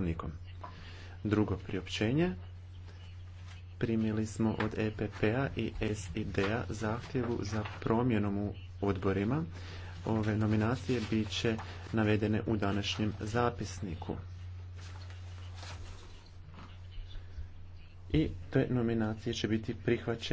poslovnikom. Drugo priopćenje primili smo od EPP-a i SID-a zahtjevu za promjenom u odborima. Ove nominacije bit će navedene u današnjem zapisniku. I te nominacije će biti prihvaćene